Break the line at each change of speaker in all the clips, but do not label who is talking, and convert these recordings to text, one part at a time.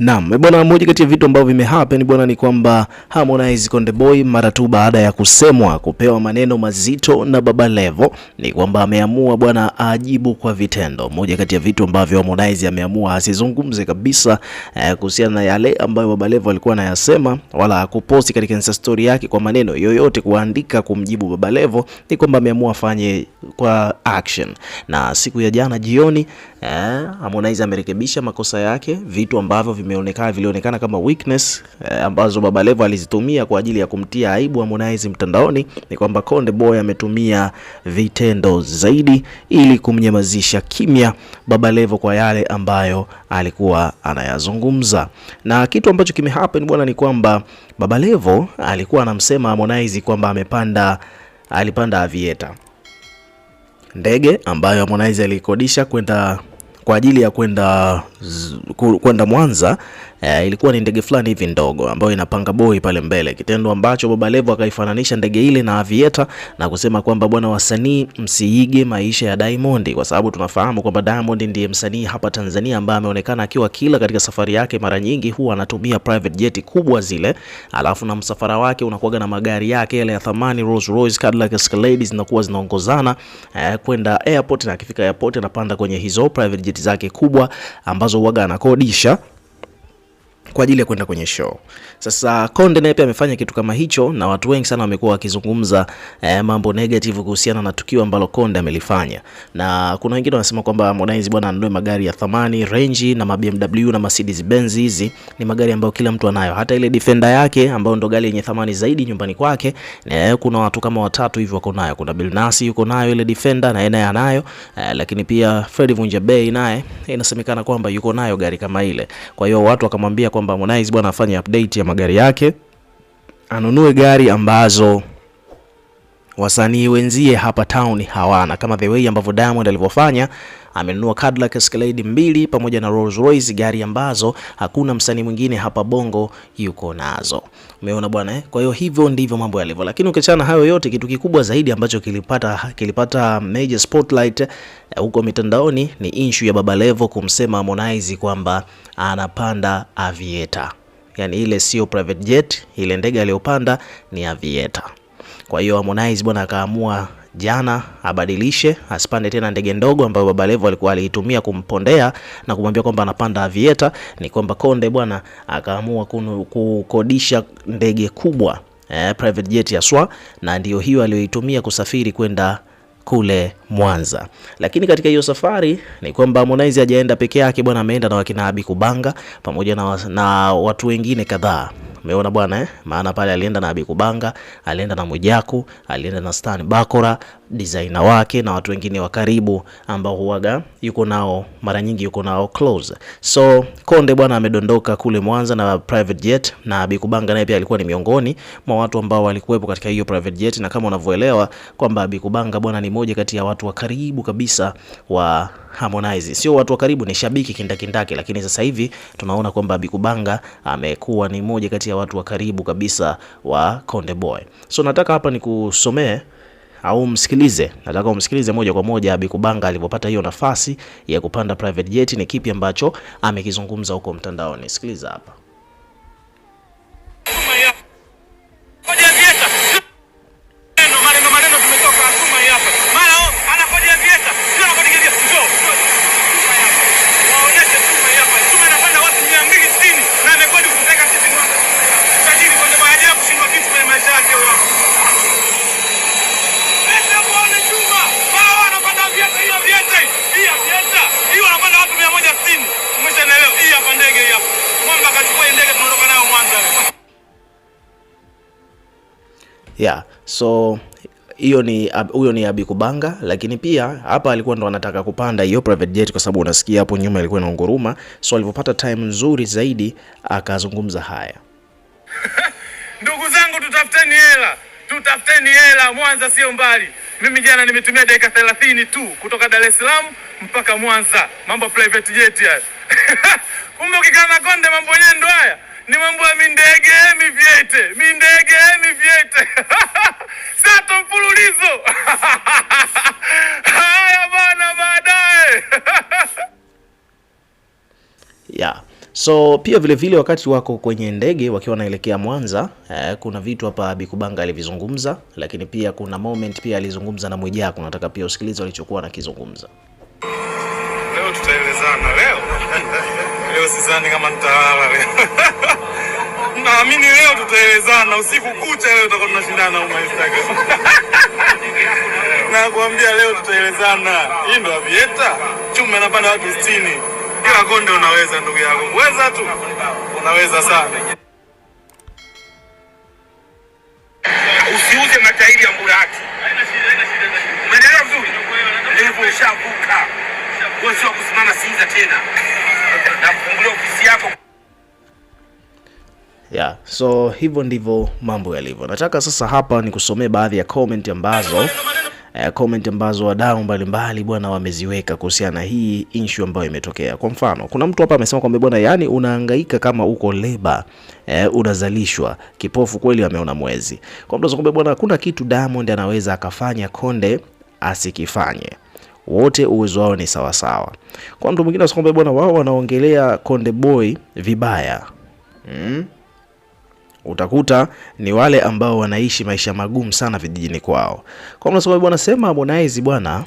Naam, eh, bwana, moja kati ya vitu ambavyo vimehappen bwana ni kwamba Harmonize Konde Boy mara tu baada ya kusemwa kupewa maneno mazito na Baba Levo ni kwamba ameamua bwana ajibu kwa vitendo. Moja kati ya vitu ambavyo Harmonize ameamua asizungumze kabisa eh, kuhusiana na yale ambayo Baba Levo alikuwa anayasema wala hakuposti katika Insta story yake kwa maneno yoyote kuandika kumjibu Baba Levo, ni kwamba ameamua afanye kwa action. Na siku ya jana jioni eh, Harmonize amerekebisha makosa yake, vitu ambavyo vime imeonekana vilionekana kama weakness eh, ambazo Baba Levo alizitumia kwa ajili ya kumtia aibu Harmonize mtandaoni, ni kwamba Konde Boy ametumia vitendo zaidi ili kumnyamazisha kimya Baba Levo kwa yale ambayo alikuwa anayazungumza. Na kitu ambacho kimehappen bwana ni kwamba Baba Levo alikuwa anamsema Harmonize kwamba amepanda alipanda avieta ndege ambayo Harmonize alikodisha kwenda kwa ajili ya kwenda kwenda Mwanza eh, ilikuwa ni ndege fulani hivi ndogo ambayo inapanga boi pale mbele, kitendo ambacho Baba Levo akaifananisha ndege ile na avieta na kusema kwamba bwana, wasanii msiige maisha ya Diamond, kwa sababu tunafahamu kwamba Diamond ndiye msanii hapa Tanzania ambaye ameonekana akiwa kila katika safari yake, mara nyingi huwa anatumia private jet kubwa zile, alafu na msafara wake unakuwaga na magari yake yale ya thamani Rolls Royce, Cadillac Escalade zinakuwa zinaongozana eh, kwenda airport, na akifika airport anapanda kwenye hizo private jet zake kubwa ambazo huwaga anakodisha kwa ajili ya kwenda kwenye show. Sasa Konde naye pia amefanya kitu kama hicho, na watu wengi sana wamekuwa wakizungumza eh, mambo negative kuhusiana na tukio ambalo Konde amelifanya, na kuna wengine wanasema kwamba Harmonize bwana anunue magari ya thamani, Range na ma BMW na Mercedes Benz. Hizi ni magari ambayo kila mtu anayo, hata ile Defender yake ambayo ndo gari yenye thamani zaidi nyumbani kwake. Eh, kuna watu kama watatu hivyo wako nayo. Kuna Bilnasi yuko nayo ile Defender na yeye anayo eh, lakini pia Fred Vunjabei naye inasemekana kwamba yuko nayo gari kama ile, kwa hiyo watu wakamwambia kwa kwamba Harmonize bwana afanye update ya magari yake, anunue gari ambazo wasanii wenzie hapa town hawana, kama the way ambavyo Diamond alivyofanya. Amenunua Cadillac Escalade mbili pamoja na Rolls Royce, gari ambazo hakuna msanii mwingine hapa Bongo yuko nazo. Umeona bwana eh? Kwa hiyo hivyo ndivyo mambo yalivyo, lakini ukiachana hayo yote, kitu kikubwa zaidi ambacho kilipata kilipata major spotlight eh, huko mitandaoni ni issue ya Baba Levo kumsema Harmonize kwamba anapanda Aviator. yani ile sio private jet, ile ndege aliyopanda ni Aviator. Kwa hiyo Harmonize bwana akaamua jana abadilishe asipande tena ndege ndogo ambayo Baba Levo alikuwa aliitumia kumpondea na kumwambia kwamba anapanda Avieta. Ni kwamba Konde bwana akaamua kukodisha ndege kubwa eh, private jet ya swa, na ndiyo hiyo aliyoitumia kusafiri kwenda kule Mwanza. Lakini katika hiyo safari ni kwamba Harmonize hajaenda peke yake bwana, ameenda na wakina Abi Kubanga pamoja na, na watu wengine kadhaa. Umeona bwana eh? Maana pale alienda na Abi Kubanga, alienda na Mujaku, alienda na Stan Bakora, designer wake na watu wengine wa karibu ambao huaga yuko nao mara nyingi yuko nao close. So Konde bwana amedondoka kule Mwanza na private jet, na Abi Kubanga naye pia alikuwa ni miongoni mwa watu ambao walikuwepo katika hiyo private jet, na kama unavyoelewa kwamba Abi Kubanga bwana ni moja kati ya watu watu wa karibu kabisa wa Harmonize. Sio watu wa karibu, ni shabiki kindakindaki, lakini sasa hivi tunaona kwamba Bikubanga amekuwa ni mmoja kati ya watu wa karibu kabisa wa Konde Boy. So nataka hapa nikusomee au msikilize, nataka umsikilize moja kwa moja Bikubanga alipopata hiyo nafasi ya kupanda private jet, ni kipi ambacho amekizungumza huko mtandaoni. Sikiliza hapa. Augustine, Hii hapa ndege hii hapa. akachukua hii ndege tunaondoka nayo Mwanza. Yeah, so hiyo ni huyo ni Abi Kubanga, lakini pia hapa alikuwa ndo anataka kupanda hiyo private jet, kwa sababu unasikia hapo nyuma ilikuwa inaunguruma. So alipopata time nzuri zaidi akazungumza haya ndugu zangu, tutafuteni hela, tutafuteni hela. Mwanza sio mbali mimi jana nimetumia dakika 30 tu kutoka Dar es Salaam mpaka Mwanza, mambo private jet haya. Kumbe ukikaa na konde mambo yenyewe ndo haya, ni mambo ya mindege mivyete, mindege mivyete sato mfululizo So pia vile vile wakati wako kwenye ndege wakiwa wanaelekea Mwanza eh, kuna vitu hapa Bikubanga alivizungumza, lakini pia kuna moment pia alizungumza na Mwijaku. Nataka pia usikilize alichokuwa anakizungumza. Leo tutaelezana leo leo, sizani kama nitalala leo naamini leo tutaelezana usiku kucha. Leo tutakuwa tunashindana huko Instagram nakwambia, leo tutaelezana. Hii ndio vieta. chuma napanda watu 60 bila konde unaweza, ndugu yangu, weza tu, unaweza sana. Usiuze matairi ya Mburaki, umeelewa vizuri? Levo ishavuka, wewe sio kusimama Sinza tena na ofisi yako. Yeah, so hivyo ndivyo mambo yalivyo. Nataka sasa hapa ni kusomee baadhi ya comment ambazo eh, comment ambazo wadau mbalimbali bwana wameziweka kuhusiana na hii issue ambayo imetokea. Kwa mfano, kuna mtu hapa amesema kwamba bwana, yani unahangaika kama uko leba eh, unazalishwa kipofu kweli, ameona mwezi. Kwa mtu anasema bwana, kuna kitu Diamond anaweza akafanya Konde asikifanye wote uwezo wao ni sawasawa. Kwa mtu mwingine asikwambia bwana, wao wanaongelea Konde Boy vibaya mm utakuta ni wale ambao wanaishi maisha magumu sana vijijini kwao. Kwa mna sababu wanasema Harmonize bwana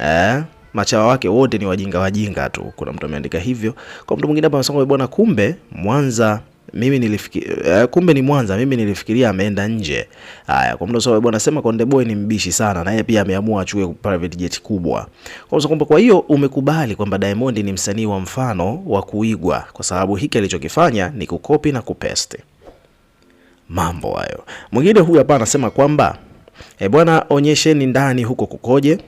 eh, machawa wake wote ni wajinga wajinga tu. Kuna mtu ameandika hivyo. Kwa mtu mwingine hapa anasema bwana, kumbe Mwanza mimi nilifikiria, eh, kumbe ni Mwanza, mimi nilifikiria ameenda nje. Haya, kwa mtu sababu anasema Konde Boy ni mbishi sana na yeye pia ameamua achukue private jet kubwa. Kwa sababu kwa hiyo umekubali kwamba Diamond ni msanii wa mfano wa kuigwa, kwa sababu hiki alichokifanya ni kukopi na kupesti mambo hayo. Mwingine huyu hapa anasema kwamba e, bwana onyesheni ndani huko kukoje.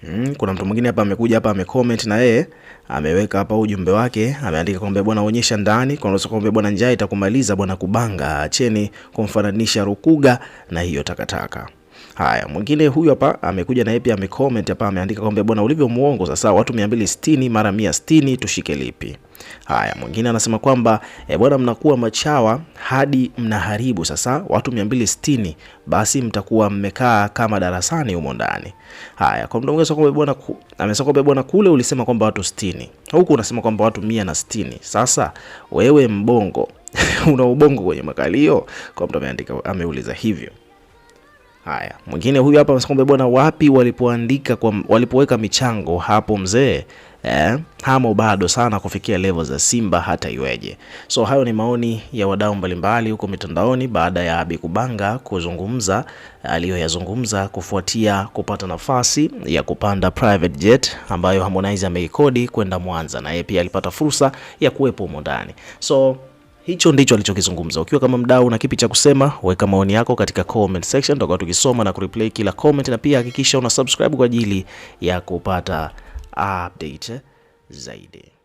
Hmm, kuna mtu mwingine hapa amekuja hapa amecomment na yeye ameweka hapa ujumbe wake, ameandika kwamba eh, bwana onyesha ndani, kwa sababu kwamba bwana njaa itakumaliza bwana kubanga, acheni kumfananisha Rukuga na hiyo takataka. Haya, mwingine huyu hapa amekuja na yeye pia amecomment hapa, ameandika kwamba bwana ulivyo muongo sasa, watu 260 mara 160 tushike lipi? Haya, mwingine anasema kwamba e, bwana, mnakuwa machawa hadi mnaharibu. Sasa watu 260 basi mtakuwa mmekaa kama darasani humo ndani. Haya, kwa mdomo ungesema kwamba bwana, amesema kwamba bwana, kule ulisema kwamba watu 60, huku unasema kwamba watu 160. Sasa wewe mbongo una ubongo kwenye makalio, kwa mtu ameandika, ameuliza hivyo. Haya, mwingine huyu hapa anasema bwana, wapi walipoandika kwa walipoweka michango hapo mzee eh? Hamo bado sana kufikia level za Simba hata iweje? So hayo ni maoni ya wadau mbalimbali huko mitandaoni baada ya Abi Kubanga kuzungumza aliyoyazungumza kufuatia kupata nafasi ya kupanda private jet ambayo Harmonize ameikodi kwenda Mwanza, na yeye pia alipata fursa ya kuwepo humo ndani so Hicho ndicho alichokizungumza. Ukiwa kama mdau na kipi cha kusema, weka maoni yako katika comment section, tutakuwa tukisoma na kureplay kila comment, na pia hakikisha una subscribe kwa ajili ya kupata update zaidi.